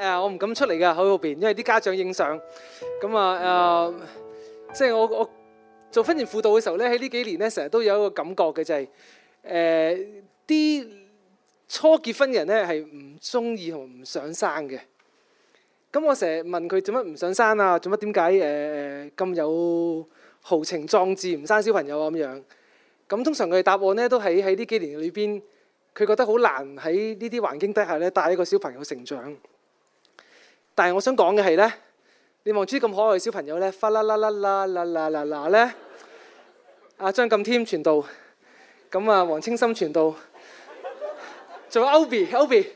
誒，我唔敢出嚟噶喺嗰邊，因為啲家長影相咁啊。誒，即、呃、係、就是、我我做婚前輔導嘅時候咧，喺呢幾年咧，成日都有一個感覺嘅就係誒啲初結婚人咧係唔中意同唔想生嘅。咁我成日問佢做乜唔想生啊？做乜點解？誒、呃、咁有豪情壯志唔生小朋友啊？咁樣。咁通常佢嘅答案咧都喺喺呢幾年裏邊，佢覺得好難喺呢啲環境底下咧帶一個小朋友成長。但係，我想講嘅係咧，你望住咁可愛嘅小朋友咧，忽啦啦啦啦啦啦啦咧，阿張錦添傳道，咁啊，黃清心傳道，仲有歐比歐比，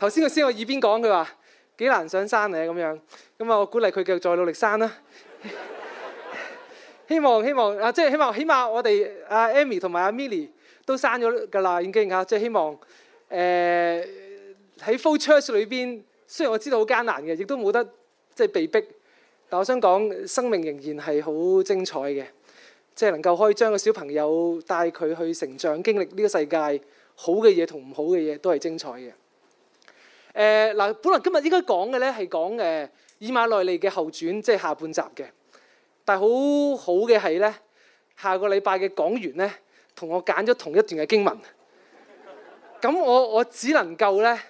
頭先我先我耳邊講佢話幾難想生你咁樣，咁啊，我鼓勵佢繼續再努力生啦。希望希望啊，即係希望，起碼我哋阿 Amy 同埋阿 Milly 都生咗㗎啦，已經嚇，即係希望誒喺 Flow Church 裏邊。雖然我知道好艱難嘅，亦都冇得即係被逼，但我想講生命仍然係好精彩嘅，即係能夠可以將個小朋友帶佢去成長，經歷呢個世界好嘅嘢同唔好嘅嘢都係精彩嘅。誒、呃、嗱，本來今日應該講嘅咧係講誒《以馬內利》嘅後傳，即係下半集嘅。但係好好嘅係咧，下個禮拜嘅講員咧，同我揀咗同一段嘅經文。咁我我只能夠咧。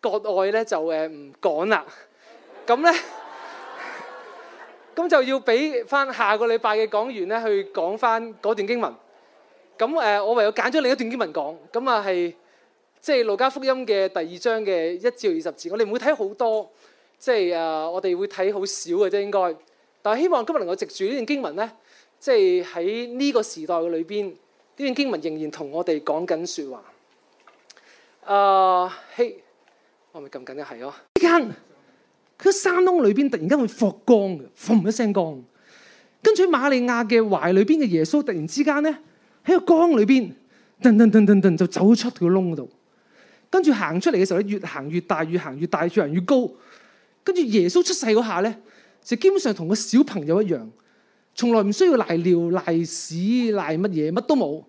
國外咧就誒唔講啦，咁咧咁就要俾翻下個禮拜嘅講員咧去講翻嗰段經文。咁誒、呃，我唯有揀咗另一段經文講咁啊，係即係路加福音嘅第二章嘅一至二十節。我哋唔會睇好多，即係啊，我哋會睇好少嘅啫。應該但係希望今日能夠藉住呢段經文咧，即係喺呢個時代嘅裏邊，呢段經文仍然同我哋講緊説話啊希。呃 hey, 我咪咁緊要係咯！一間，佢喺山窿裏邊突然間會伏光嘅，嘣一聲光。跟住瑪利亞嘅懷裏邊嘅耶穌突然之間咧，喺個江裏邊，噔噔噔噔噔就走出條窿嗰度。跟住行出嚟嘅時候咧，越行越大，越行越大，越行越高。跟住耶穌出世嗰下咧，就基本上同個小朋友一樣，從來唔需要瀨尿瀨屎瀨乜嘢，乜都冇。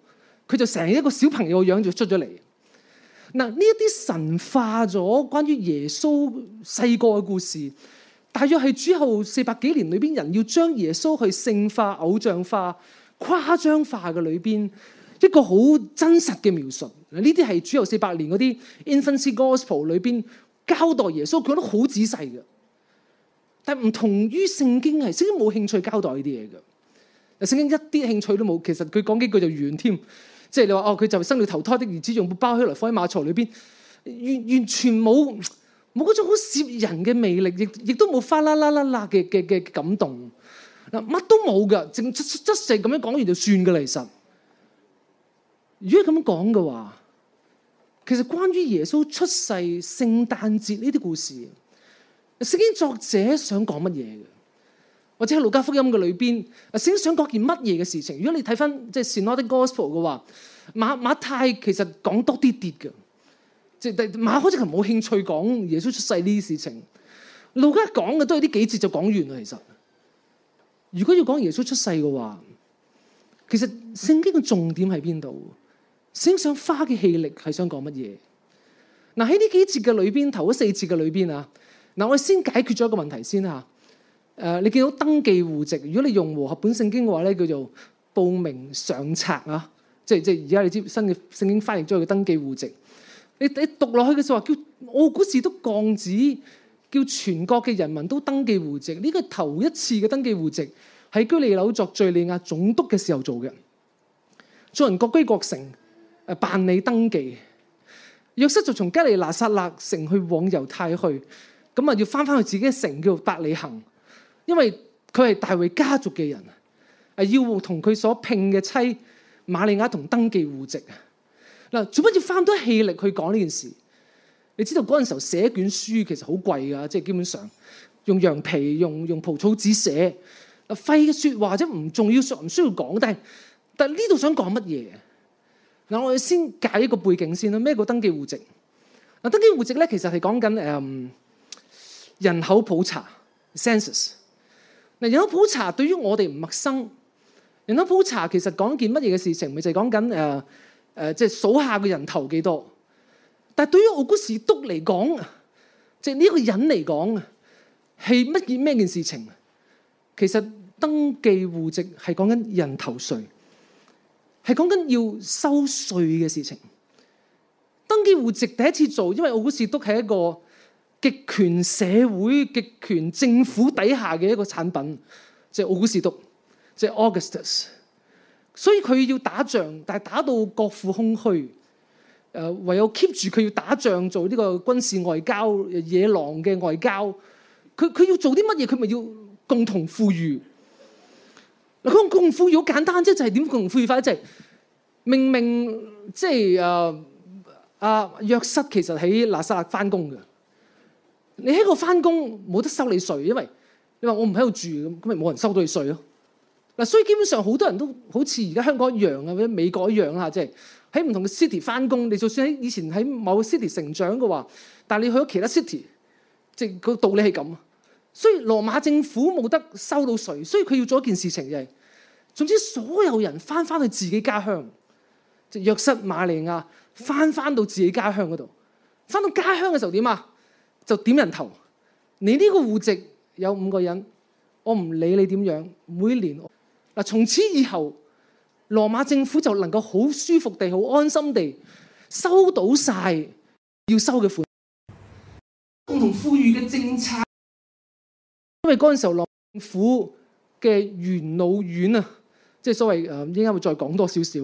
佢就成一個小朋友嘅樣就出咗嚟。嗱，呢一啲神化咗關於耶穌細個嘅故事，大約係主後四百幾年裏邊人要將耶穌去聖化、偶像化、誇張化嘅裏邊一個好真實嘅描述。嗱，呢啲係主後四百年嗰啲 Infancy Gospel 裏邊交代耶穌佢講得好仔細嘅，但唔同於聖經係，聖經冇興趣交代呢啲嘢嘅。聖經一啲興趣都冇，其實佢講幾句就完添。即係你話哦，佢就生了投胎的兒子，用包起來放喺馬槽裏邊，完完全冇冇嗰種好攝人嘅魅力，亦亦都冇花啦啦啦啦嘅嘅嘅感動，嗱，乜都冇嘅，淨質質質成咁樣講完就算嘅啦。其實如果咁樣講嘅話，其實關於耶穌出世、聖誕節呢啲故事，聖經作者想講乜嘢嘅？或者《喺路加福音面》嘅裏邊，聖經想講件乜嘢嘅事情？如果你睇翻即係《Synoptic Gospel》嘅話，馬馬太其實講多啲啲嘅，即係馬可就冇興趣講耶穌出世呢啲事情。路加講嘅都有啲幾節就講完啦。其實，如果要講耶穌出世嘅話，其實聖經嘅重點喺邊度？先想，想花嘅氣力係想講乜嘢？嗱喺呢幾節嘅裏邊，頭嗰四節嘅裏邊啊，嗱我哋先解決咗一個問題先吓。誒，你見到登記戶籍？如果你用和合本聖經嘅話咧，叫做報名上冊啊！即係即係而家你知新嘅聖經翻譯咗佢嘅登記戶籍。你你讀落去嘅時候，叫奧古斯都降旨，叫全國嘅人民都登記戶籍。呢、這個頭一次嘅登記戶籍喺居里紐作敍利亞總督嘅時候做嘅。做人各居各城，誒辦理登記。約瑟就從加利拿撒勒城去往猶太去，咁啊要翻翻去自己嘅城叫做伯利恒。因為佢係大衞家族嘅人，係要同佢所聘嘅妻瑪利亞同登記戶籍啊。嗱，做乜要花咁多氣力去講呢件事？你知道嗰陣時候寫一卷書其實好貴㗎，即係基本上用羊皮用用蒲草紙寫啊，廢嘅説話啫，唔重要，唔需要講。但係但係呢度想講乜嘢嗱？我哋先解一個背景先啦。咩叫登記戶籍？嗱，登記戶籍咧，其實係講緊誒人口普查 （census）。嗱，人口普查對於我哋唔陌生，人口普查其實講件乜嘢嘅事情？咪就係講緊誒誒，即係數下嘅人頭幾多。但係對於奧古士都嚟講，即係呢一個人嚟講，係乜嘢咩件事情？其實登記戶籍係講緊人頭稅，係講緊要收稅嘅事情。登記戶籍第一次做，因為奧古士都係一個。極權社會、極權政府底下嘅一個產品，即係奧古士督，即係 Augustus。所以佢要打仗，但係打到國庫空虛，誒、呃、唯有 keep 住佢要打仗，做呢個軍事外交野狼嘅外交。佢佢要做啲乜嘢？佢咪要共同富裕嗱？佢共富裕好簡單啫，就係點共富裕法呢？即係明明即係誒阿約瑟其實喺拿撒勒翻工嘅，你喺度翻工冇得收你稅，因為你話我唔喺度住，咁咪冇人收到你稅咯。嗱，所以基本上好多人都好似而家香港一樣啊，或者美國一樣啦，即係喺唔同嘅 city 翻工。你就算喺以前喺某個 city 成長嘅話，但係你去咗其他 city，即係個道理係咁。所以羅馬政府冇得收到稅，所以佢要做一件事情就係、是，總之所有人翻翻去自己家鄉，即係約瑟馬利亞翻翻到自己家鄉嗰度，翻到家鄉嘅時候點啊？就點人頭？你呢個戶籍有五個人，我唔理你點樣，每年嗱，從此以後，羅馬政府就能夠好舒服地、好安心地收到晒要收嘅款。共同富裕嘅政策，因為嗰陣時候羅馬政府嘅元老院啊，即係所謂誒，應該會再講多少少。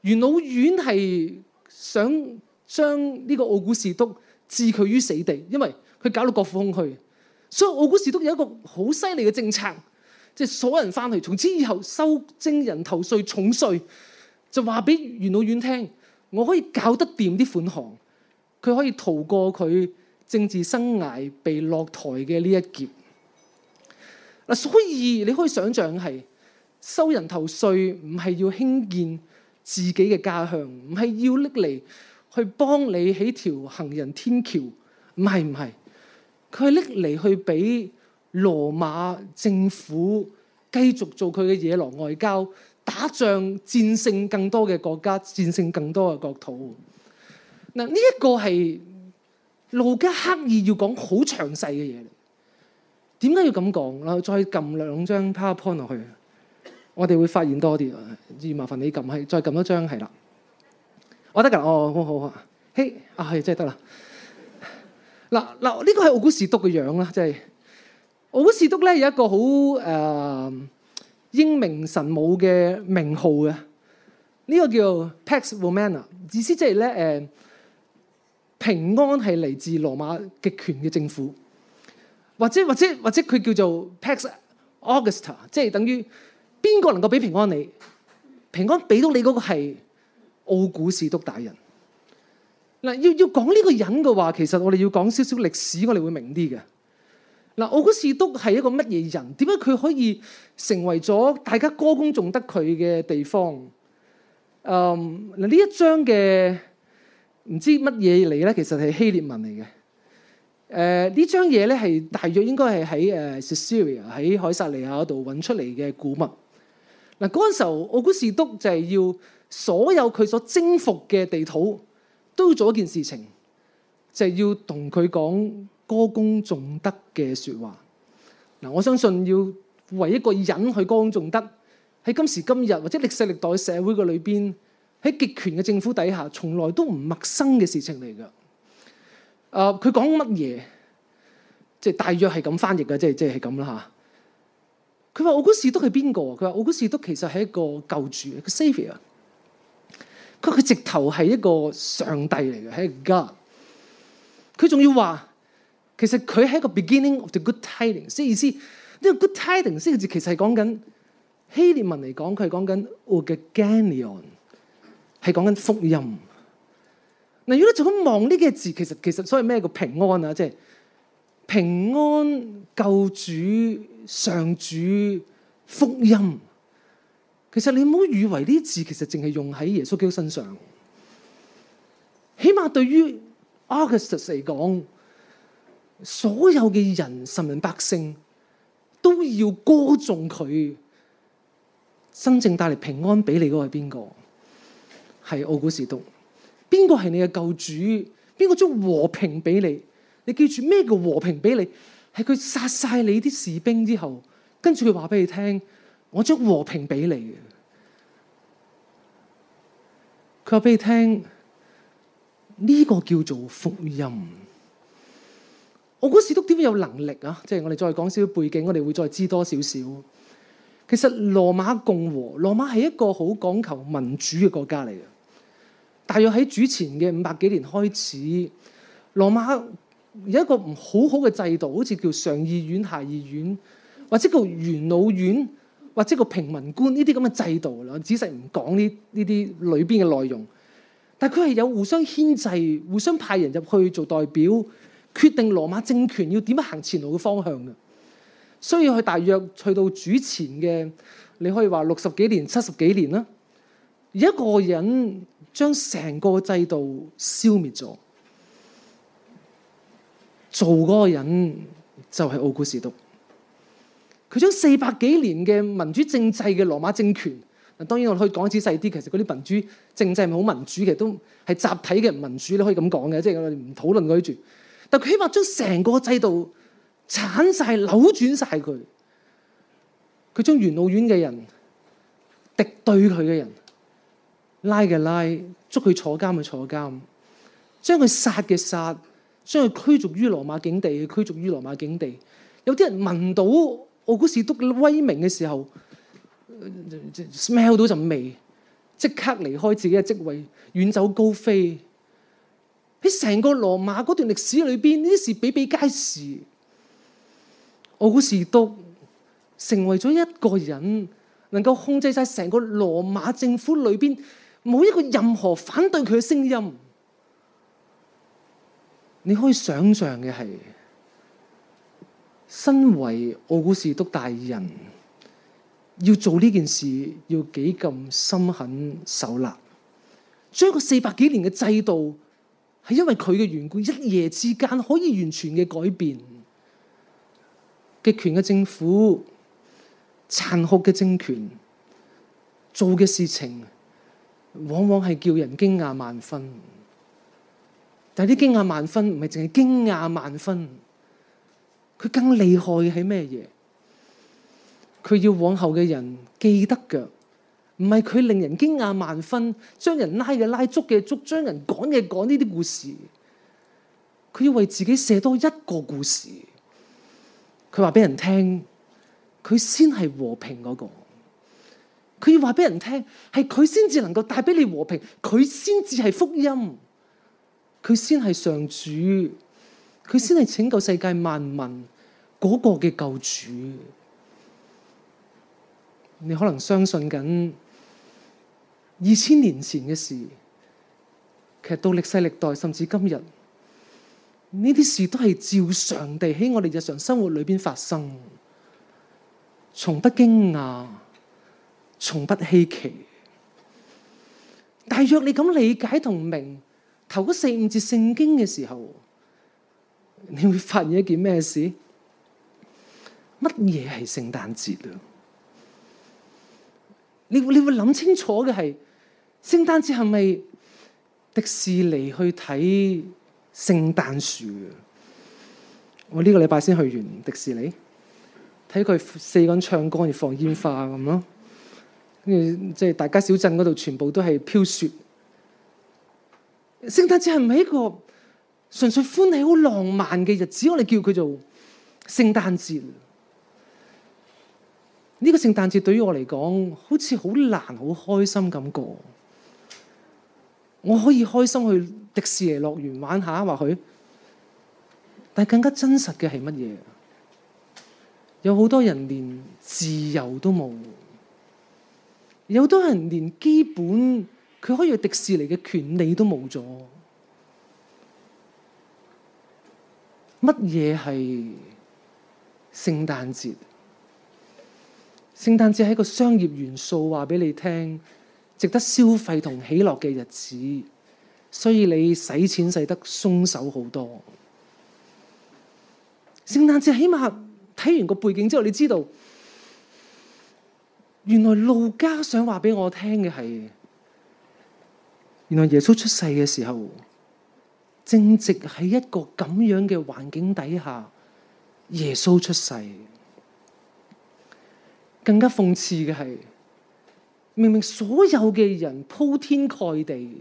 元老院係想將呢個奧古士督。置佢於死地，因為佢搞到國庫空虛，所以奧古斯都有一個好犀利嘅政策，即係所有人翻去，從此以後收徵人頭稅重稅，就話俾元老院聽，我可以搞得掂啲款項，佢可以逃過佢政治生涯被落台嘅呢一劫。嗱，所以你可以想象係收人頭稅唔係要興建自己嘅家鄉，唔係要拎嚟。去幫你起條行人天橋。唔係，唔係，佢拎嚟去俾羅馬政府繼續做佢嘅野狼外交，打仗戰勝更多嘅國家，戰勝更多嘅國土。嗱、嗯，呢、這、一個係路加刻意要講好詳細嘅嘢。點解要咁講啦？再撳兩張 PowerPoint 落去，我哋會發現多啲。要麻煩你撳喺，再撳一張係啦。我得噶，哦，好啊，嘿，啊，係真係得啦。嗱嗱，呢個係奧古士都嘅樣啦，即係奧古士都咧有一個好誒、uh, 英明神武嘅名號嘅。呢、這個叫 Pax Romana，意思即係咧誒平安係嚟自羅馬極權嘅政府，或者或者或者佢叫做 Pax Augusta，即係等於邊個能夠俾平安你？平安俾到你嗰個係？奧古士督大人嗱，要要講呢個人嘅話，其實我哋要講少少歷史，我哋會明啲嘅。嗱，奧古士督係一個乜嘢人？點解佢可以成為咗大家歌功頌德佢嘅地方？嗯，嗱呢一張嘅唔知乜嘢嚟咧，其實係希臘文嚟嘅。誒、呃，張呢張嘢咧係大約應該係喺誒敘利亞喺海撒利亞度揾出嚟嘅古物。嗱嗰陣時候，奧古士督就係要。所有佢所征服嘅地土都要做一件事情，就係、是、要同佢講歌功頌德嘅説話嗱。我相信要為一個人去歌功頌德，喺今時今日或者歷世歷代社會嘅裏邊，喺極權嘅政府底下，從來都唔陌生嘅事情嚟㗎、呃就是就是就是。啊，佢講乜嘢？即係大約係咁翻譯嘅，即係即係咁啦嚇。佢話：奧古士都係邊個？佢話：奧古士都其實係一個救主嘅，savior。佢直頭係一個上帝嚟嘅，係 God。佢仲要話，其實佢係一個 beginning of the good tidings。即係意思呢、這個 good tidings 呢個字其實係講緊希臘文嚟講，佢係講緊 euangelion 係講緊福音。嗱，如果你就咁望呢幾個字，其實其實所謂咩叫平安啊，即係平安救主、上主、福音。其實你唔好以為呢啲字其實淨係用喺耶穌基督身上，起碼對於 Augustus 嚟講，所有嘅人、神民百姓都要歌頌佢，真正帶嚟平安俾你嗰個係邊個？係奧古士都。邊個係你嘅救主？邊個將和平俾你？你記住咩叫和平俾你？係佢殺晒你啲士兵之後，跟住佢話俾你聽。我將和平俾你嘅，佢話俾你聽，呢個叫做福音。我嗰時都點樣有能力啊？即係我哋再講少少背景，我哋會再知多少少。其實羅馬共和，羅馬係一個好講求民主嘅國家嚟嘅。大約喺主前嘅五百幾年開始，羅馬有一個唔好好嘅制度，好似叫上議院、下議院，或者叫元老院。或者個平民官呢啲咁嘅制度啦，我仔細唔講呢呢啲裏邊嘅內容，但係佢係有互相牽制、互相派人入去做代表，決定羅馬政權要點樣行前路嘅方向嘅，需要去大約去到主前嘅，你可以話六十幾年、七十幾年啦，一個人將成個制度消滅咗，做嗰個人就係奧古斯都。佢將四百幾年嘅民主政制嘅羅馬政權，嗱當然我可以講仔細啲。其實嗰啲民主政制唔係好民主嘅，其實都係集體嘅民主，你可以咁講嘅，即係我哋唔討論佢住。但佢起碼將成個制度鏟晒、扭轉晒。佢。佢將元老院嘅人敵對佢嘅人拉嘅拉，捉佢坐監就坐監，將佢殺嘅殺，將佢驅逐於羅馬境地，驅逐於羅馬境地。有啲人聞到。奧古士督威名嘅時候，smell、呃呃、到陣味，即刻離開自己嘅職位，遠走高飛。喺成個羅馬嗰段歷史裏邊，呢啲事比比皆是。奧古士督成為咗一個人，能夠控制晒成個羅馬政府裏邊，冇一個任何反對佢嘅聲音。你可以想象嘅係。身為奧古士督大人，要做呢件事要幾咁心狠手辣，將個四百幾年嘅制度係因為佢嘅緣故，一夜之間可以完全嘅改變。極權嘅政府殘酷嘅政權做嘅事情，往往係叫人驚訝萬分。但係啲驚訝萬分唔係淨係驚訝萬分。佢更厲害嘅係咩嘢？佢要往後嘅人記得嘅，唔係佢令人驚訝萬分，將人拉嘅拉捉嘅捉，將人講嘅講呢啲故事。佢要為自己寫多一個故事。佢話俾人聽，佢先係和平嗰個。佢要話俾人聽，係佢先至能夠帶俾你和平，佢先至係福音，佢先係上主。佢先係拯救世界萬民嗰個嘅救主。你可能相信緊二千年前嘅事，其實到歷世歷代甚至今日，呢啲事都係照常地喺我哋日常生活裏邊發生，從不驚訝，從不稀奇。但係你咁理解同明頭嗰四五節聖經嘅時候，你會發現一件咩事？乜嘢係聖誕節啊？你你會諗清楚嘅係，聖誕節係咪迪士尼去睇聖誕樹啊？我、哦、呢、這個禮拜先去完迪士尼，睇佢四個人唱歌，又放煙花咁咯。跟住即係大街小鎮嗰度，全部都係飄雪。聖誕節係咪一個純粹歡喜好浪漫嘅日子，我哋叫佢做聖誕節。呢個聖誕節對於我嚟講，好似好難好開心咁過。我可以開心去迪士尼樂園玩下，或許。但係更加真實嘅係乜嘢？有好多人連自由都冇，有好多人連基本佢可以去迪士尼嘅權利都冇咗。乜嘢係聖誕節？聖誕節係個商業元素，話俾你聽，值得消費同喜樂嘅日子，所以你使錢使得鬆手好多。聖誕節起碼睇完個背景之後，你知道原來路加想話俾我聽嘅係，原來耶穌出世嘅時候。正值喺一個咁樣嘅環境底下，耶穌出世，更加諷刺嘅係，明明所有嘅人鋪天蓋地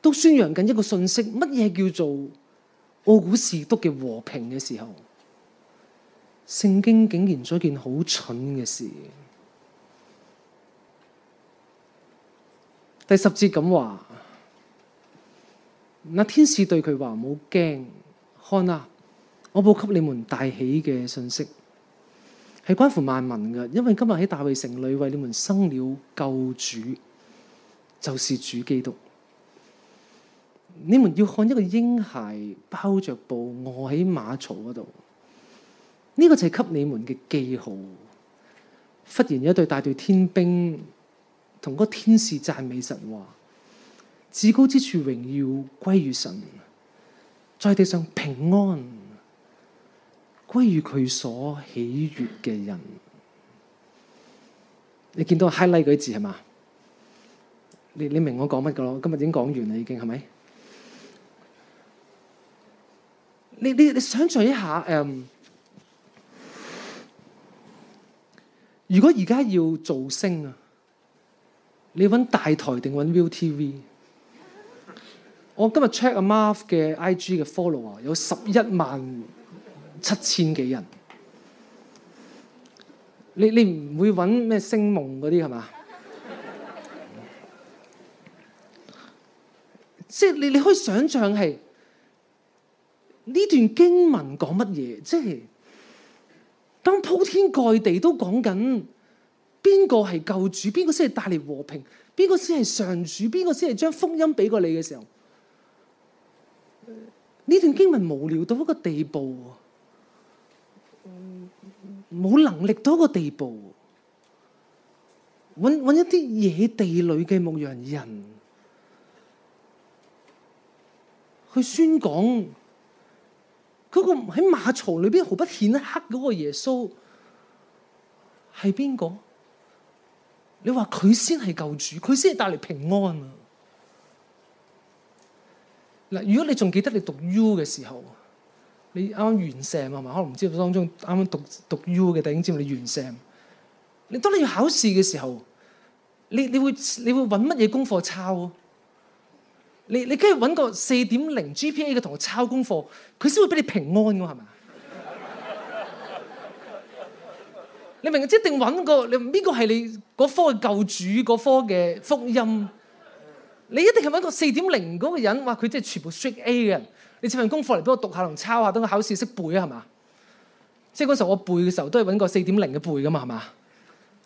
都宣揚緊一個信息，乜嘢叫做奧古士督嘅和平嘅時候，聖經竟然做一件好蠢嘅事。第十節咁話。那天使對佢話：唔好驚，看啊！我報給你們大喜嘅信息，係關乎萬民嘅，因為今日喺大衛城裏為你們生了救主，就是主基督。你們要看一個嬰孩包着布臥喺馬槽嗰度，呢、這個就係給你們嘅記號。忽然有一隊大隊天兵同嗰天使讚美神話。至高之處榮耀歸於神，在地上平安歸於佢所喜悅嘅人。你見到 highlight 嗰字係嘛？你你明我講乜㗎囉？今日已經講完啦，已經係咪？你你你想像一下，誒、嗯，如果而家要造星，啊，你揾大台定揾 ViuTV？我今日 check 阿 Mar 嘅 IG 嘅 follow 啊，有十一萬七千幾人你。你你唔會揾咩星夢嗰啲係嘛？即係你你可以想象係呢段經文講乜嘢，即係當鋪天蓋地都講緊邊個係救主，邊個先係帶嚟和平，邊個先係上主，邊個先係將福音俾過你嘅時候。呢段經文無聊到一個地步，冇、嗯、能力到一個地步，搵搵一啲野地裏嘅牧羊人去宣講，嗰、嗰個喺馬槽裏邊毫不顯赫嗰個耶穌係邊個？你話佢先係救主，佢先係帶嚟平安啊！嗱，如果你仲記得你讀 U 嘅時候，你啱啱完成，係咪？可能唔知道當中剛剛，啱啱讀讀 U 嘅，已經知道你完成。你當你要考試嘅時候，你你會你會揾乜嘢功課抄？你你梗係揾個四點零 GPA 嘅同學抄功課，佢先會俾你平安㗎係咪？ 你明？即一定揾個你邊個係你嗰科嘅救主，嗰科嘅福音。你一定係揾個四點零嗰個人，哇！佢真係全部 straight A 嘅人。你借份功課嚟俾我讀下，下，同抄下，等我考試識背啊，係嘛？即係嗰陣時候我背嘅時候，都係揾個四點零嘅背㗎嘛，係嘛？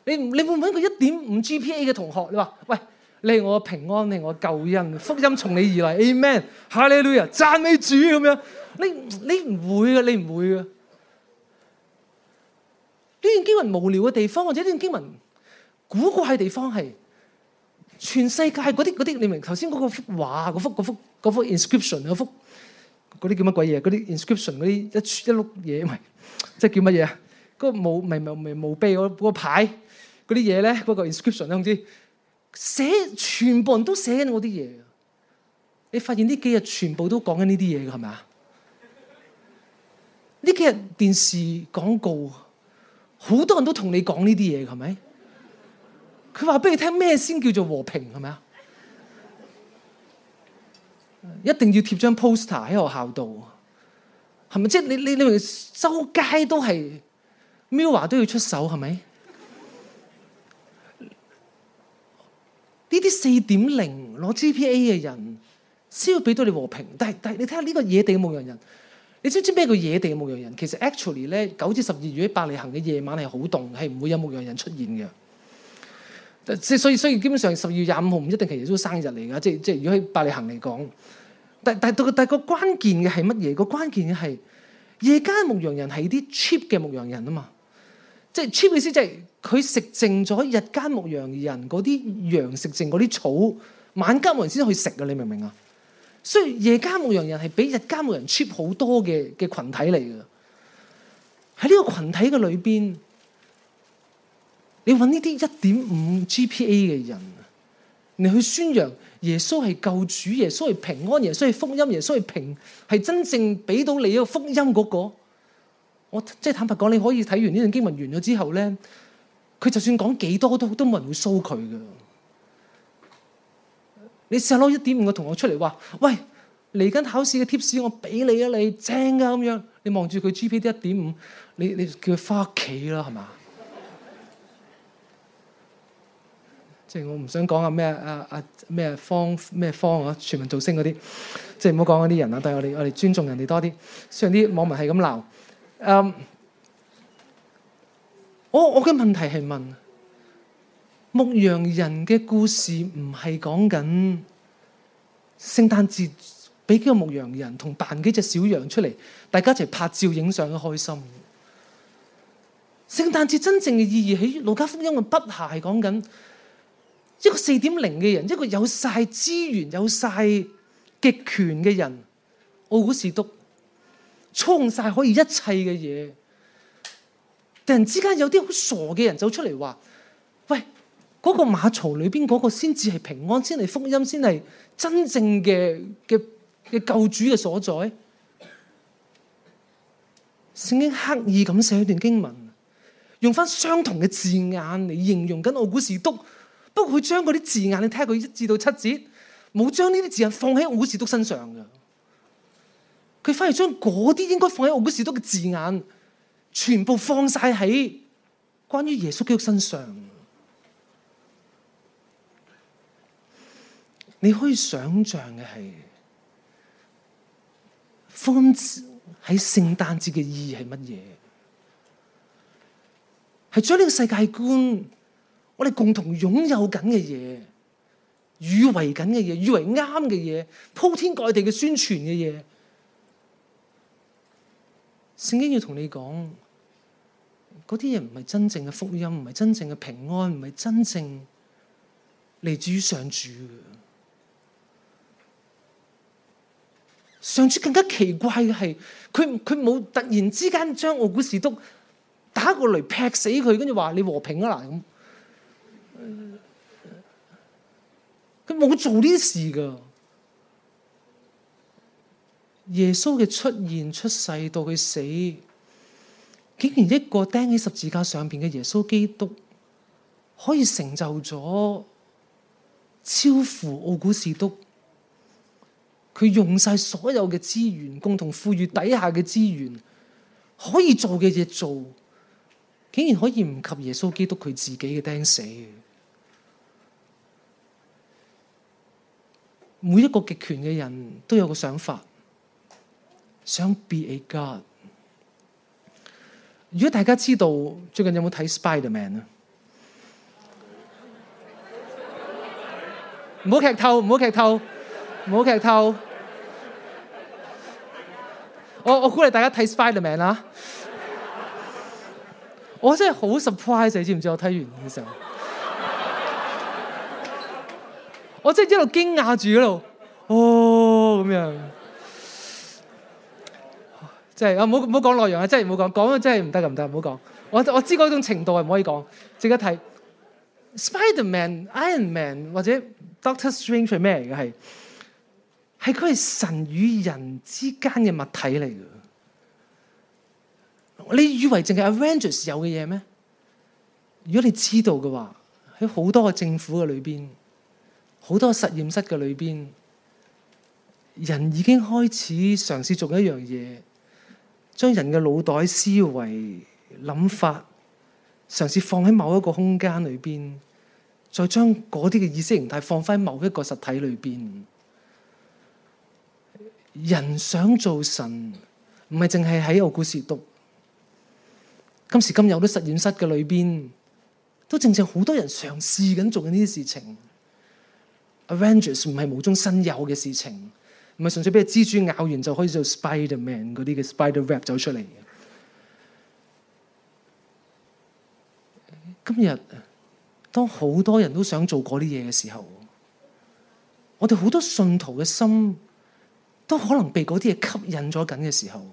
你你會唔會揾個一點五 GPA 嘅同學？你話喂，你係我嘅平安，你係我嘅救恩，福音從你而來，Amen！哈利路亞，讚你主咁樣。你你唔會嘅，你唔會嘅。段經文無聊嘅地方，或者段經文古怪嘅地方係。全世界嗰啲嗰啲，你明頭先嗰幅畫，嗰幅嗰幅嗰幅 inscription，嗰幅嗰啲叫乜鬼嘢？嗰啲 inscription 嗰啲一一碌嘢，唔係即係叫乜嘢啊？嗰個墓咪咪咪碑嗰個牌嗰啲嘢咧，嗰個 inscription 咧，唔知寫全部人都寫緊我啲嘢。你發現呢幾日全部都講緊呢啲嘢嘅係咪啊？呢幾日電視廣告好多人都同你講呢啲嘢係咪？佢話俾你聽咩先叫做和平係咪啊？一定要貼張 poster 喺學校度，係咪？即係你你你周街都係 Mirror 都要出手係咪？呢啲四點零攞 GPA 嘅人先要俾到你和平，但係但係你睇下呢個野地嘅牧羊人，你知唔知咩叫野地嘅牧羊人？其實 actually 咧，九至十二月喺伯利恆嘅夜晚係好凍，係唔會有牧羊人出現嘅。即所以所以基本上十二月廿五號唔一定係耶穌生日嚟噶，即係即係如果喺百里行嚟講，但但到個但個關鍵嘅係乜嘢？個關鍵嘅係夜間牧羊人係啲 cheap 嘅牧羊人啊嘛，即係 cheap 意思即係佢食剩咗日間牧羊人嗰啲羊食剩嗰啲草，晚間牧人先去食噶，你明唔明啊？所以夜間牧羊人係比日間牧人 cheap 好多嘅嘅群體嚟噶，喺呢個群體嘅裏邊。你搵呢啲一點五 GPA 嘅人，你去宣揚耶穌係救主，耶穌係平安，耶穌係福音，耶穌係平，係真正俾到你一、啊、個福音嗰，那個。我即係坦白講，你可以睇完呢段經文完咗之後咧，佢就算講幾多都都冇人會收佢噶。你成日攞一點五嘅同學出嚟話，喂嚟緊考試嘅 t 士，我俾你啊，你正啊咁樣。你望住佢 GPA 一點五，你你叫佢翻屋企啦，係嘛？即係我唔想講啊咩啊啊咩方咩方啊，全民造星嗰啲，即係唔好講嗰啲人啦。但係我哋我哋尊重人哋多啲。雖然啲網民係咁鬧，嗯，我我嘅問題係問牧羊人嘅故事唔係講緊聖誕節，俾幾個牧羊人同扮幾隻小羊出嚟，大家一齊拍照影相嘅開心。聖誕節真正嘅意義喺路加福音嘅筆下係講緊。一個四點零嘅人，一個有晒資源、有晒極權嘅人，奧古士督，充晒可以一切嘅嘢，突然之間有啲好傻嘅人走出嚟話：，喂，嗰個馬槽裏邊嗰個先至係平安，先係福音，先係真正嘅嘅嘅救主嘅所在。聖經刻意咁寫一段經文，用翻相同嘅字眼嚟形容緊奧古士督。佢將嗰啲字眼，你睇下佢一至到七節，冇將呢啲字眼放喺奧士督身上嘅，佢反而將嗰啲應該放喺奧士督嘅字眼，全部放晒喺關於耶穌基督身上。你可以想象嘅係，放喺聖誕節嘅意義係乜嘢？係將呢個世界觀。我哋共同擁有緊嘅嘢，以為緊嘅嘢，以為啱嘅嘢，鋪天蓋地嘅宣傳嘅嘢，聖經要同你講，嗰啲嘢唔係真正嘅福音，唔係真正嘅平安，唔係真正嚟自於上主嘅。上主更加奇怪嘅係，佢佢冇突然之間將奧古斯都打個雷劈死佢，跟住話你和平啊，嗱咁。佢冇做呢啲事㗎，耶穌嘅出現、出世到佢死，竟然一個釘喺十字架上邊嘅耶穌基督，可以成就咗超乎奧古士督。佢用晒所有嘅資源，共同富裕底下嘅資源，可以做嘅嘢做，竟然可以唔及耶穌基督佢自己嘅釘死。每一個極權嘅人都有個想法，想 be a god。如果大家知道最近有冇睇 Spider Man 咧？唔好 劇透，唔好劇透，唔好劇透。 我我估你大家睇 Spider Man 啦。啊、 我真係好 surprise，你知唔知我睇完嘅時候？我真係一路驚訝住嗰度，哦，咁樣，即係啊唔好唔好講內容啊，真係唔好講，講啊，真係唔得噶唔得，唔好講。我我知嗰種程度係唔可以講。即刻睇 Spider-Man、Spider Man, Iron Man 或者 Doctor Strange 係咩嚟嘅？係係佢係神與人之間嘅物體嚟嘅。你以為淨係 Avengers 有嘅嘢咩？如果你知道嘅話，喺好多嘅政府嘅裏邊。好多實驗室嘅裏邊，人已經開始嘗試做一樣嘢，將人嘅腦袋思維、思維、諗法，嘗試放喺某一個空間裏邊，再將嗰啲嘅意識形態放返某一個實體裏邊。人想做神，唔係淨係喺奧古士督。今時今日，好多實驗室嘅裏邊，都正正好多人嘗試緊做緊呢啲事情。Avengers 唔係無中生有嘅事情，唔係純粹俾隻蜘蛛咬完就可以做 Spider Man 嗰啲嘅 Spider Web 走出嚟嘅。今日當好多人都想做嗰啲嘢嘅時候，我哋好多信徒嘅心都可能被嗰啲嘢吸引咗緊嘅時候，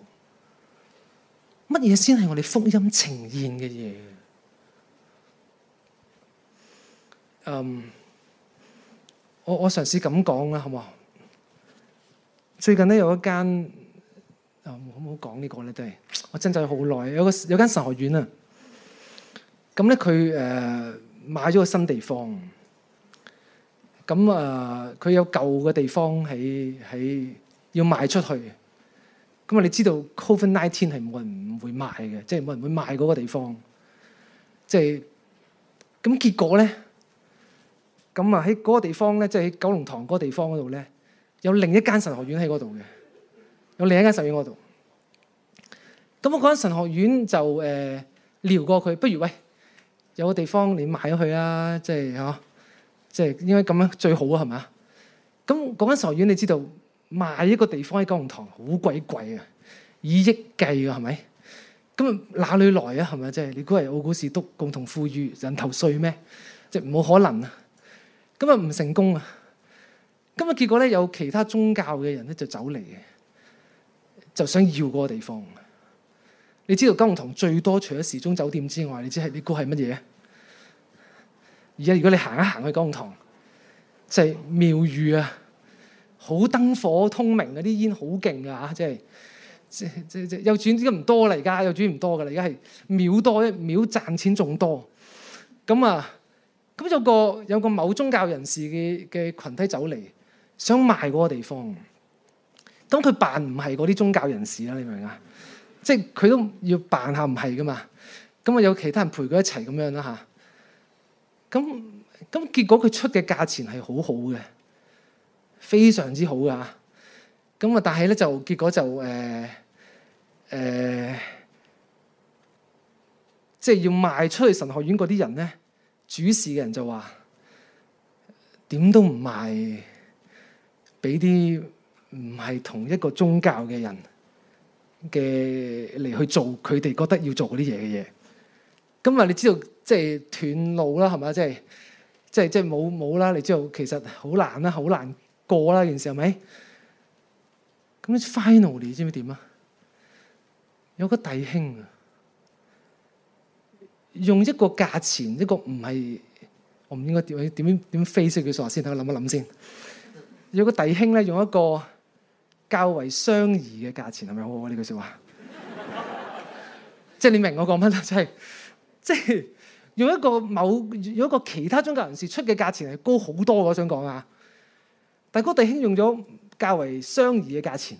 乜嘢先係我哋福音呈現嘅嘢？嗯、um。我我嘗試咁講啦，好冇？最近咧有一間啊，好唔好講呢個咧？對，我真係好耐有個有間神學院啊。咁咧佢誒買咗個新地方。咁、嗯、啊，佢、呃、有舊嘅地方喺喺要賣出去。咁、嗯、啊，你知道 COVID-19 係冇人會賣嘅，即係冇人會賣嗰個地方。即係咁、嗯、結果咧。咁啊，喺嗰個地方咧，即係喺九龍塘嗰個地方嗰度咧，有另一間神學院喺嗰度嘅，有另一間神學院嗰度。咁我嗰間神學院就誒、呃、撩過佢，不如喂有個地方你買咗佢啦，即係嚇，即係應該咁樣最好啊，係咪？咁嗰間神學院你知道買一個地方喺九龍塘好鬼貴啊，以億計啊，係咪？咁啊，哪裡來啊？係咪即係你估係奧古斯都共同富裕人頭稅咩？即係冇可能啊！咁啊唔成功啊！咁啊結果咧，有其他宗教嘅人咧就走嚟嘅，就想要嗰個地方。你知道九龍塘最多除咗時鐘酒店之外，你知係你估係乜嘢？而家如果你行一行去九龍塘，就是啊，即係廟宇啊，好燈火通明啊，啲煙好勁啊。嚇，即係即即即又轉啲唔多啦而家，又轉唔多噶啦而家係廟多一廟賺錢仲多，咁啊。咁有個有個某宗教人士嘅嘅群體走嚟，想賣嗰個地方。咁佢扮唔係嗰啲宗教人士啦，你明唔明啊？即係佢都要扮下唔係噶嘛。咁啊，有其他人陪佢一齊咁樣啦吓，咁咁結果佢出嘅價錢係好好嘅，非常之好噶。咁啊，但係咧就結果就誒誒，即、呃、係、呃就是、要賣出去神學院嗰啲人咧。主事嘅人就話：點都唔係，俾啲唔係同一個宗教嘅人嘅嚟去做佢哋覺得要做嗰啲嘢嘅嘢。咁啊，你知道即係斷路啦，係咪？即係即係即係冇冇啦！你知道其實好難啦，好難過啦，件事係咪？咁 final 你知唔知點啊？有個弟兄啊！用一個價錢，一個唔係我唔應該點點點 face，呢句説話先。等我諗一諗先。有個弟兄咧，用一個較為相宜嘅價錢，係咪好好呢句説話。 即係你明我講乜啦。即係即係用一個某用一個其他宗教人士出嘅價錢係高好多。我想講啊。但係嗰弟兄用咗較為相宜嘅價錢，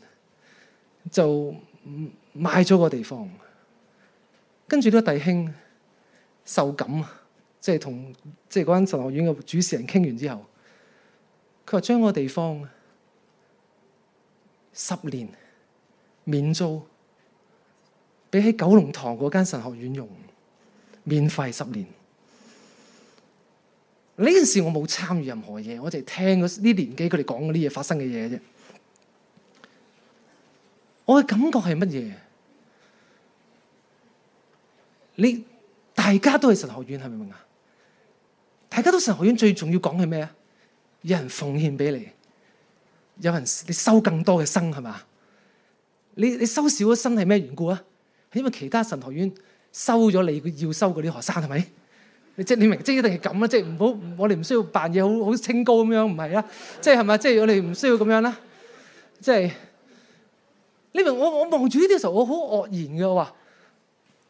就買咗個地方，跟住呢個弟兄。受感啊！即係同即係嗰間神學院嘅主持人傾完之後，佢話將個地方十年免租，比起九龍塘嗰間神學院用免費十年。呢件事我冇參與任何嘢，我淨係聽嗰啲年紀佢哋講嗰啲嘢發生嘅嘢啫。我嘅感覺係乜嘢？你？大家都係神學院係咪明啊？大家都神學院最重要講係咩啊？有人奉獻俾你，有人你收更多嘅生係咪？你你收少咗生係咩緣故啊？係因為其他神學院收咗你佢要收嗰啲學生係咪？你即係你明即係一定係咁啦，即係唔好我哋唔需要扮嘢好好清高咁樣，唔係啦，即係係咪？即係我哋唔需要咁樣啦，即係你明？我我望住呢啲時候，我好愕然嘅，我話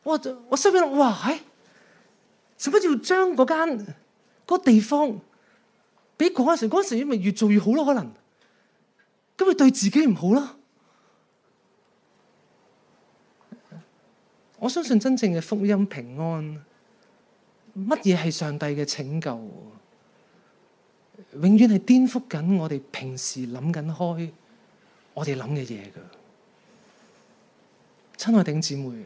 我我心入邊，使乜要將嗰間地方俾講？嗰時嗰、那個、時咪越做越好咯，啊，可能咁咪對自己唔好咯，啊。我相信真正嘅福音平安，乜嘢係上帝嘅拯救，永遠係顛覆緊我哋平時諗緊開我哋諗嘅嘢嘅。親愛頂姊妹，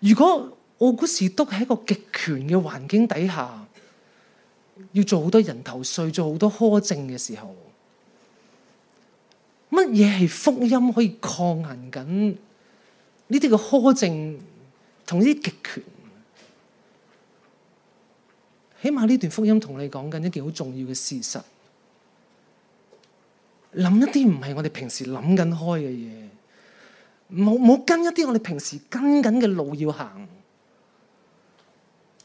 如果，我嗰時都喺一個極權嘅環境底下，要做好多人頭稅，做好多苛政嘅時候，乜嘢係福音可以抗衡緊呢啲嘅苛政同呢啲極權？起碼呢段福音同你講緊一件好重要嘅事實，諗一啲唔係我哋平時諗緊開嘅嘢，唔好跟一啲我哋平時跟緊嘅路要行。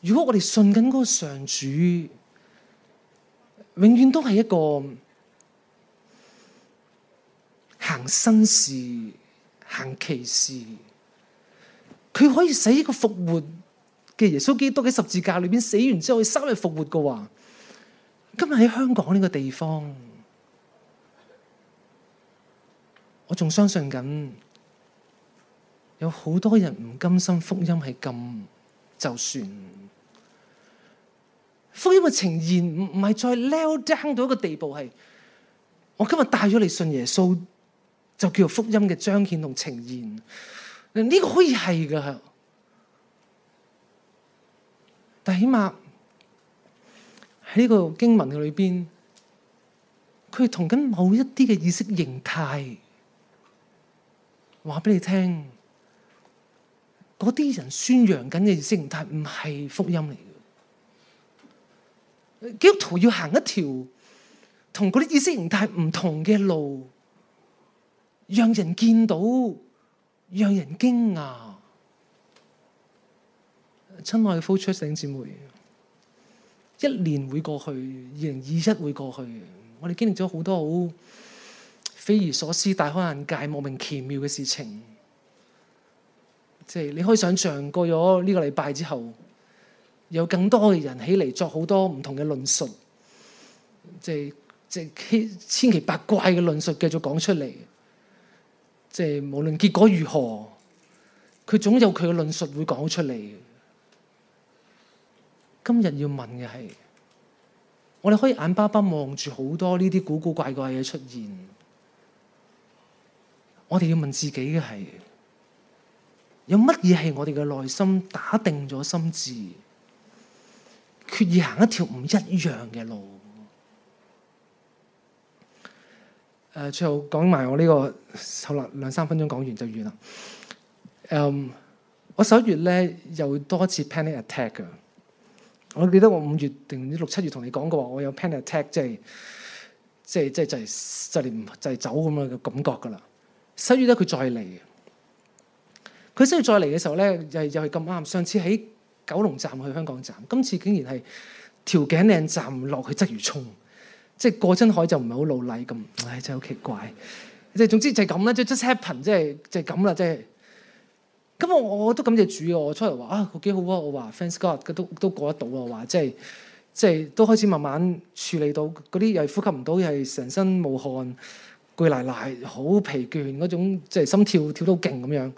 如果我哋信緊嗰個上主，永遠都係一個行新事、行奇事，佢可以使一個復活嘅耶穌基督喺十字架裏邊死完之後，三日復活嘅話，今日喺香港呢個地方，我仲相信緊有好多人唔甘心福音係咁。就算福音嘅呈現唔唔係再 lower down 到一個地步，係我今日帶咗你信耶穌，就叫做福音嘅彰顯同呈現。呢、這個可以係噶，但起碼喺呢個經文嘅裏邊，佢同緊某一啲嘅意識形態話俾你聽。嗰啲人宣揚緊嘅意識形態唔係福音嚟嘅，基督徒要行一條同嗰啲意識形態唔同嘅路，讓人見到，讓人驚訝。親愛嘅呼出 h u 姊妹，一年會過去，二零二一會過去，我哋經歷咗好多好非而所思、大開眼界、莫名其妙嘅事情。即係你可以想象過咗呢個禮拜之後，有更多嘅人起嚟作好多唔同嘅論述，即係即係千奇百怪嘅論述繼續講出嚟。即係無論結果如何，佢總有佢嘅論述會講出嚟。今日要問嘅係，我哋可以眼巴巴望住好多呢啲古古怪怪嘅嘢出現，我哋要問自己嘅係。有乜嘢係我哋嘅內心打定咗心志，決意行一條唔一樣嘅路？誒、uh,，最後講埋我呢個好啦，兩三分鐘講完就完啦。誒、um,，我十一月咧又多次 panic attack 嘅。我記得我五月定六七月同你講過話，我有 panic attack，即係即係即係就嚟就嚟就嚟走咁樣嘅感覺噶啦。十一月咧佢再嚟。佢需要再嚟嘅時候咧，又又係咁啱。上次喺九龍站去香港站，今次竟然係調景嶺站落去鰂魚涌，即係過親海就唔係好老利咁。唉、哎，真係好奇怪。即係總之就係咁啦 just happen，即係即係咁啦，即係。咁我我都感謝主啊，我出嚟話啊，佢幾好啊，我話 thanks God，都都過得到啊，話即係即係都開始慢慢處理到嗰啲，又係呼吸唔到，又係成身冇汗，攰賴賴，好疲倦嗰種，即係心跳跳到勁咁樣。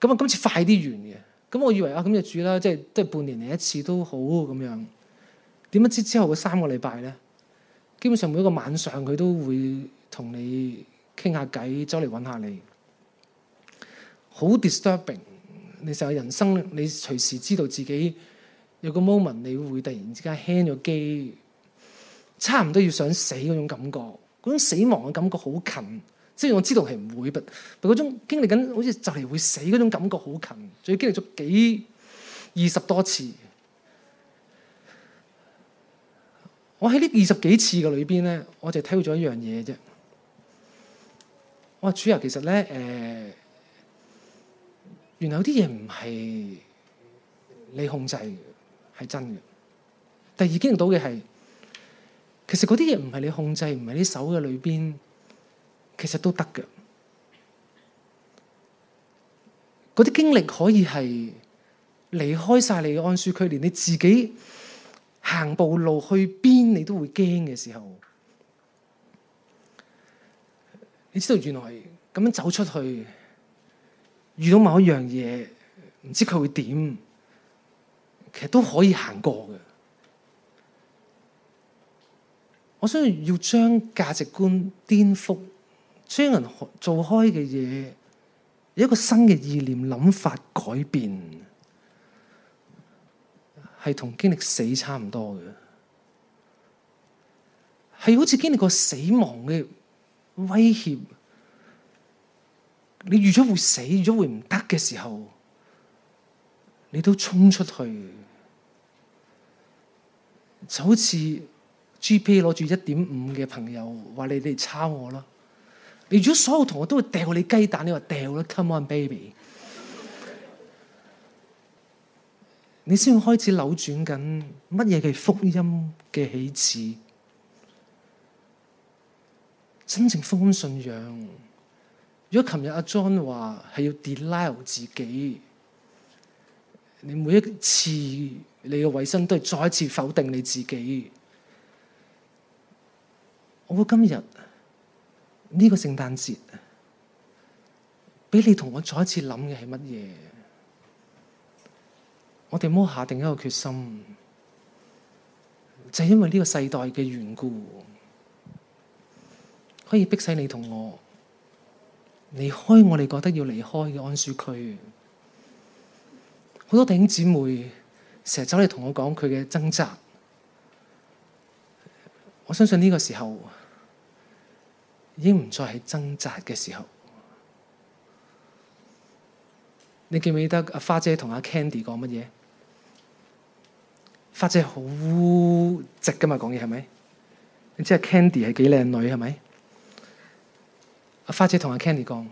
咁啊，今次快啲完嘅，咁我以為啊，咁就煮啦，即係都係半年嚟一次都好咁樣。點不知之後嘅三個禮拜咧，基本上每一個晚上佢都會同你傾下偈，走嚟揾下你。好 disturbing！你成日人生，你隨時知道自己有個 moment，你會突然之間 hang 咗機，差唔多要想死嗰種感覺，嗰種死亡嘅感覺好近。即係我知道係唔會，但嗰種經歷緊，好似就嚟會死嗰種感覺好近，仲要經歷咗幾二十多次。我喺呢二十幾次嘅裏邊咧，我就體會咗一樣嘢啫。我話主啊，其實咧誒、呃，原來有啲嘢唔係你控制，係真嘅。第二經歷到嘅係，其實嗰啲嘢唔係你控制，唔係你手嘅裏邊。其實都得嘅，嗰啲經歷可以係離開晒你嘅安舒區，連你自己行步路去邊你都會驚嘅時候，你知道原來咁樣走出去，遇到某一樣嘢唔知佢會點，其實都可以行過嘅。我想要將價值觀顛覆。所以人做開嘅嘢，一個新嘅意念、諗法改變，係同經歷死差唔多嘅，係好似經歷過死亡嘅威脅。你預咗會死，預咗會唔得嘅時候，你都衝出去，就好似 GPA 攞住一點五嘅朋友話：你哋抄我啦！如果所有同學都會掉你雞蛋，你話掉啦，Come on baby， 你先會開始扭轉緊乜嘢嘅福音嘅起始，真正福音信仰。如果琴日阿 John 話係要 declare 自己，你每一次你嘅衞生都係再一次否定你自己，我今日。呢個聖誕節，畀你同我再一次諗嘅係乜嘢？我哋摸下定一個決心，就係因為呢個世代嘅緣故，可以逼使你同我離開我哋覺得要離開嘅安舒區。好多弟兄姊妹成日走嚟同我講佢嘅掙扎，我相信呢個時候。已經唔再係掙扎嘅時候。你記唔記得阿花姐同阿 Candy 講乜嘢？花姐好直㗎嘛，講嘢係咪？你知阿 Candy 係幾靚女係咪？阿花姐同阿 Candy 講：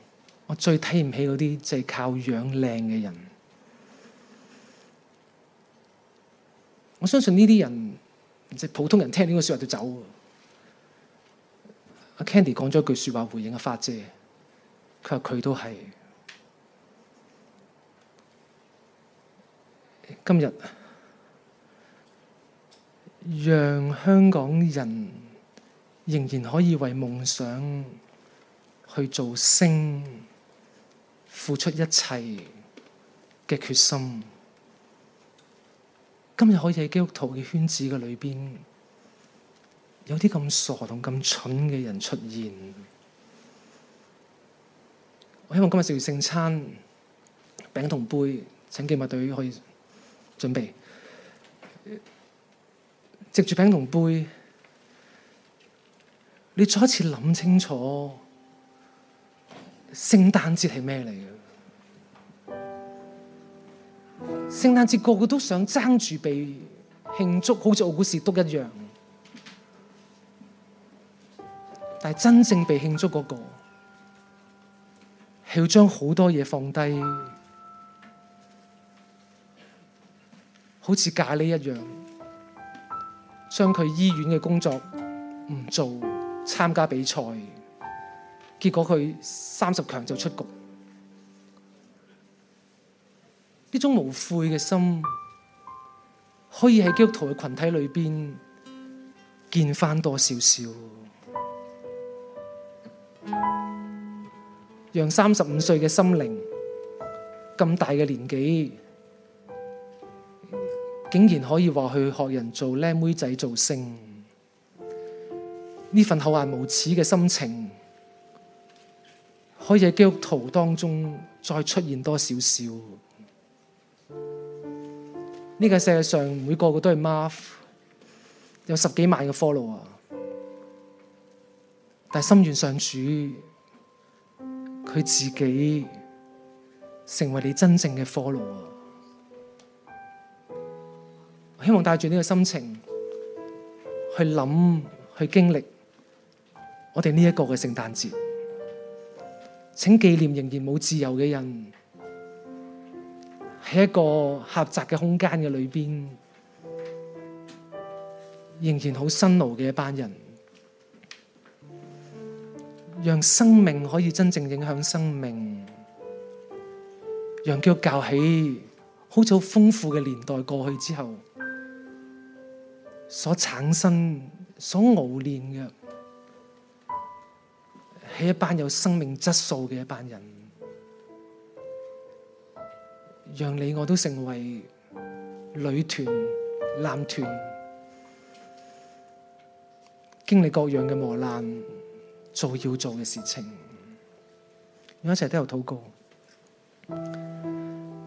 我最睇唔起嗰啲即係靠樣靚嘅人。我相信呢啲人，即係普通人聽呢個説話就走。Candy 講咗一句説話回應阿花姐，佢話佢都係今日讓香港人仍然可以為夢想去造星付出一切嘅決心，今日可以喺基督徒嘅圈子嘅裏邊。有啲咁傻同咁蠢嘅人出現，我希望今日食完聖餐餅同杯，請潔物隊去準備，藉住餅同杯，你再一次諗清楚，聖誕節係咩嚟嘅？聖誕節個個都想爭住被慶祝，好似我故事都一樣。但真正被慶祝嗰個係要將好多嘢放低，好似咖喱一樣，將佢醫院嘅工作唔做，參加比賽，結果佢三十強就出局。呢種無悔嘅心，可以喺基督徒嘅群體裏面見返多少少。讓三十五歲嘅心靈咁大嘅年紀，竟然可以話去學人做靚妹仔做星。呢份厚顏無恥嘅心情，可以喺基督徒當中再出現多少少？呢、呢個世界上每個個都係媽，有十幾萬嘅 follow 啊！但心願上主，佢自己成為你真正嘅俘虜啊！我希望帶住呢個心情去諗去經歷我哋呢一個嘅聖誕節，請紀念仍然冇自由嘅人，喺一個狹窄嘅空間嘅裏面，仍然好辛勞嘅一班人。讓生命可以真正影響生命，讓叫教，教起，好似好豐富嘅年代過去之後所產生、所熬練嘅，係一班有生命質素嘅一班人，讓你我都成為女團、男團，經歷各樣嘅磨難。做要做嘅事情，我一直都有禱告。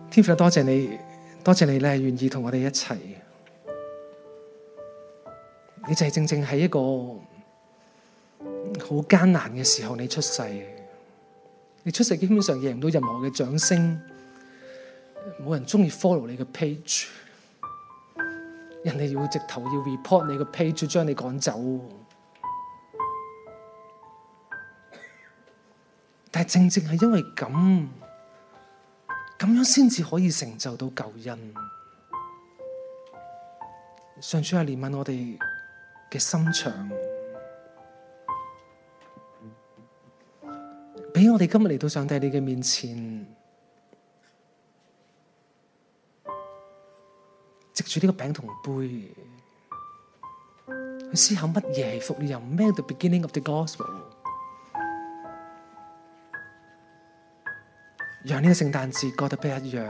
天父啊，多謝你，多謝你你係願意同我哋一齊。你就係正正喺一個好艱難嘅時候你出世，你出世基本上贏唔到任何嘅掌聲，冇人鍾意 follow 你嘅 page，人哋要直頭要 report 你嘅 page 將你趕走。但正正係因為咁，咁樣先至可以成就到救恩。上主啊，憐憫我哋嘅心腸，俾我哋今日嚟到上帝你嘅面前，藉住呢個餅同杯，去思考乜嘢係服利亞咩？The beginning of the gospel。讓呢個聖誕節過得不一樣，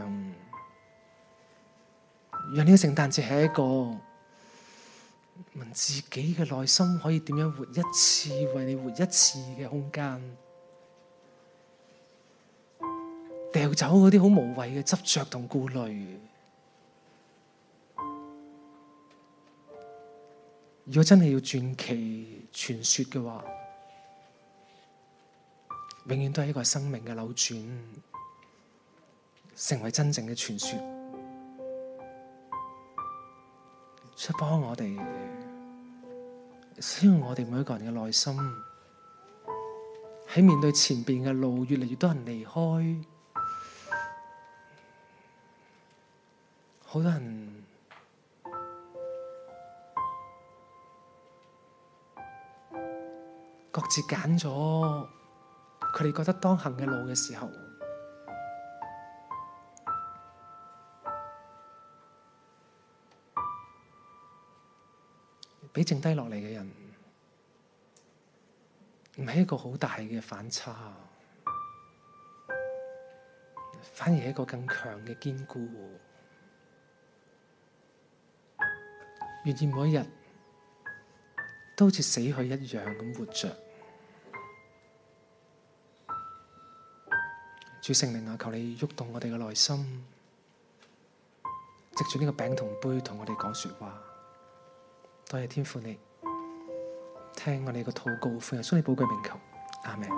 讓呢個聖誕節係一個問自己嘅內心可以點樣活一次，為你活一次嘅空間，掉走嗰啲好無謂嘅執着同顧慮。如果真係要傳奇傳說嘅話，永遠都係一個生命嘅扭轉。成為真正嘅傳說，出幫我哋，需要我哋每一個人嘅內心，喺面對前面嘅路，越嚟越多人離開，好多人各自揀咗佢哋覺得當行嘅路嘅時候。俾剩低落嚟嘅人，唔係一個好大嘅反差，反而係一個更強嘅堅固。願意每一日都好似死去一樣咁活着。主聖靈啊，求你喐動動我哋嘅內心，藉住呢個餅同杯，同我哋講說話。多謝天父，你聽我哋個禱告，奉耶穌你寶貴名求，阿門。